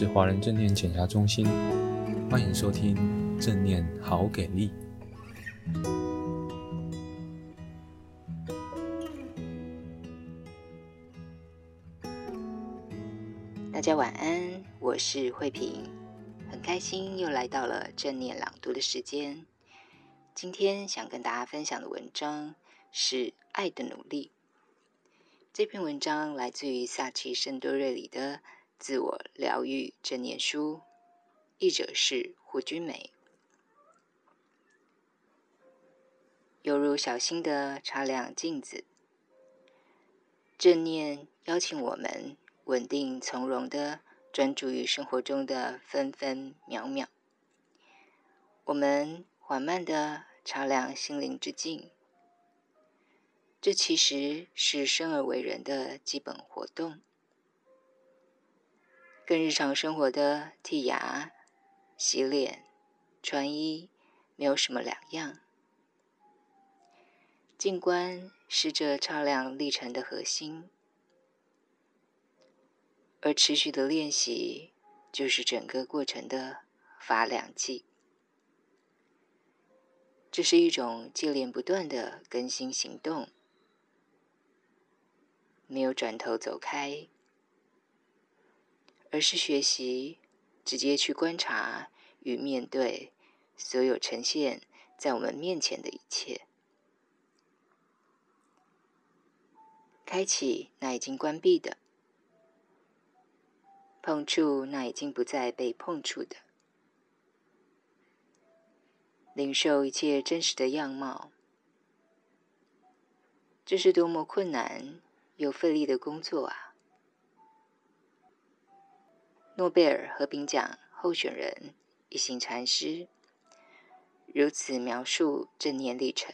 是華人正念減壓中心，歡迎收聽正念好給力。大家晚安，我是慧萍，很開心又來到了正念朗讀的時間。今天想跟大家分享的文章是《愛的努力》。這篇文章來自於薩奇·聖多瑞里的。自我療癒正念書，譯者是胡君梅。猶如小心地擦亮鏡子，正念邀請我們穩定從容地專注於生活中的分分秒秒。我們緩慢地擦亮心靈之鏡，這其實是生而為人的基本活動。跟日常生活的剔牙、洗臉、穿衣沒有什麼兩樣。靜觀是這擦亮歷程的核心，而持續的練習就是整個過程的發亮劑。這是一種接連不斷的更新行動，沒有轉頭走開。而是學習直接去觀察與面對所有呈現在我們面前的一切，開啟那已經關閉的，碰觸那已經不再被碰觸的，領受一切真實的樣貌。這是多麼困難又費力的工作啊！諾貝爾和平獎候選人一行禪師如此描述正念歷程：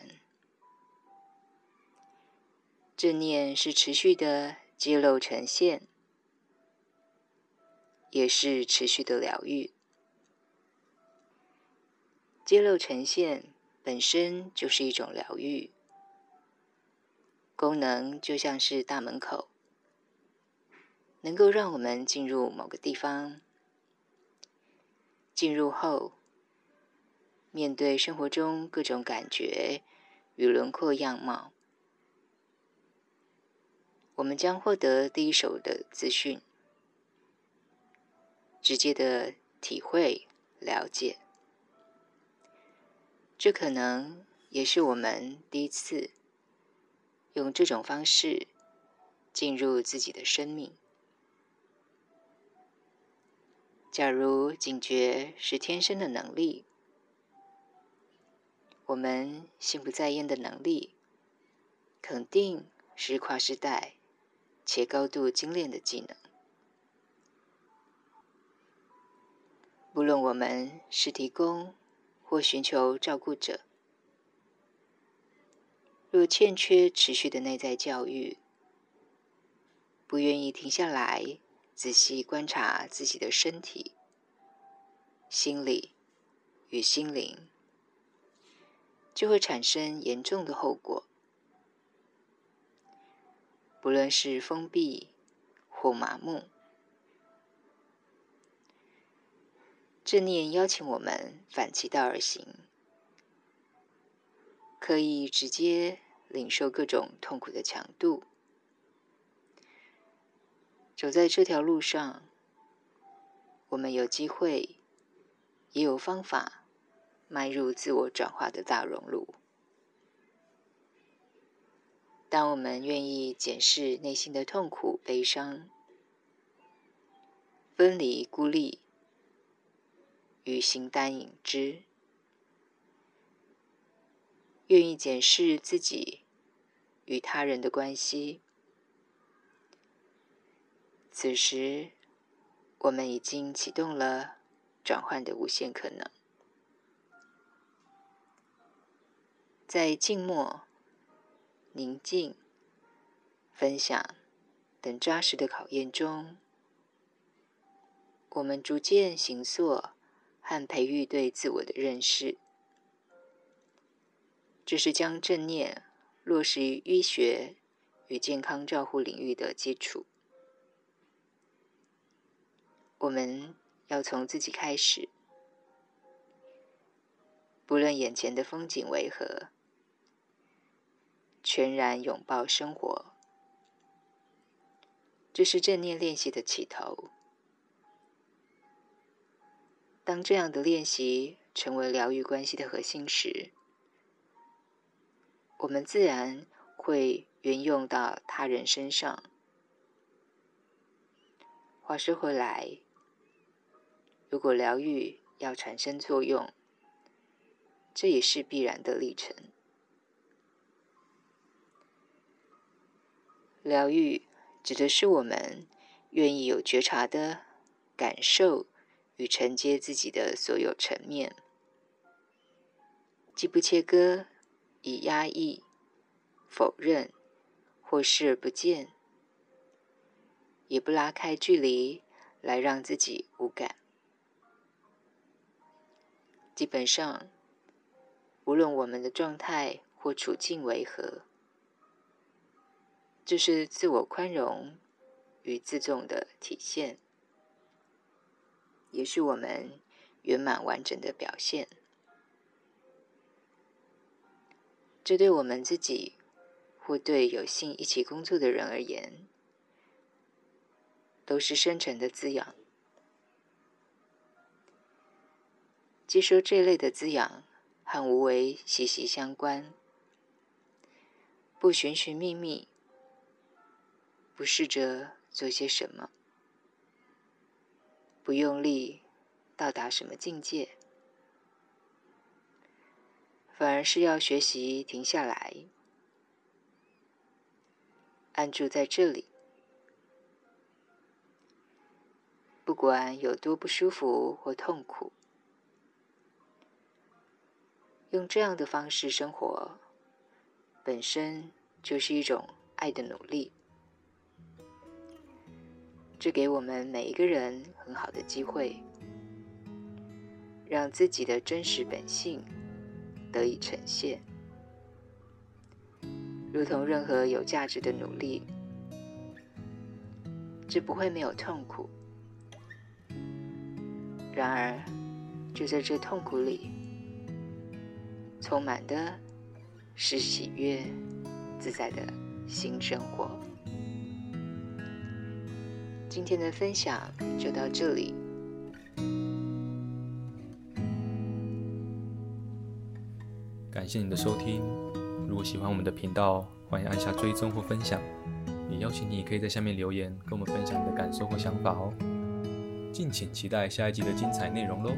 正念是持續的揭露呈現，也是持續的療癒。揭露呈現本身就是一種療癒功能，就像是大門口。能夠讓我們進入某個地方，進入後，面對生活中各種感覺與輪廓樣貌，我們將獲得第一手的資訊，直接的體會了解。這可能也是我們第一次用這種方式進入自己的生命。假如警覺是天生的能力，我們心不在焉的能力，肯定是跨世代且高度精煉的技能。無論我們是提供或尋求照顧者，若欠缺持續的內在教育，不願意停下來。仔細觀察自己的身體、心理與心靈，就會產生嚴重的後果，不論是封閉或麻木。正念邀請我們反其道而行，可以直接領受各種痛苦的強度。走在這條路上，我們有機會，也有方法，邁入自我轉化的大熔爐。當我們願意檢視內心的痛苦、悲傷、分離、孤立與形單影只，願意檢視自己與他人的關係。此時，我們已經啟動了轉換的無限可能。在靜默、寧靜、分享等扎實的考驗中，我們逐漸形塑和培育對自我的認識。這是將正念落實於醫學與健康照護領域的基礎。我們要從自己開始，不論眼前的風景為何，全然擁抱生活，這是正念練習的起頭。當這樣的練習成為療癒關係的核心時，我們自然會運用到他人身上。話說回來，如果療癒要產生作用，這也是必然的歷程。療癒指的是我們願意有覺察的感受與承接自己的所有層面，既不切割、以壓抑、否認或視而不見，也不拉開距離來讓自己無感。基本上，無論我們的狀態或處境為何，這、就是自我寬容與自重的體現，也是我們圓滿完整的表現。這對我們自己，或對有幸一起工作的人而言，都是深沉的滋養。接收這類的滋養，和無為息息相關。不尋尋覓覓，不試着做些什麼，不用力到達什麼境界，反而是要學習停下來，安住在這裡，不管有多不舒服或痛苦。用這樣的方式生活，本身就是一種愛的努力。這給我們每一個人很好的機會，讓自己的真實本性得以呈現。如同任何有價值的努力，這不會沒有痛苦。然而，就在這痛苦裡。充滿的是喜悅、自在的新生活。今天的分享就到這裡，感謝你的收聽。如果喜歡我們的頻道，歡迎按下追蹤或分享。也邀請你可以在下面留言，跟我們分享你的感受或想法哦。敬請期待下一集的精彩內容嘍！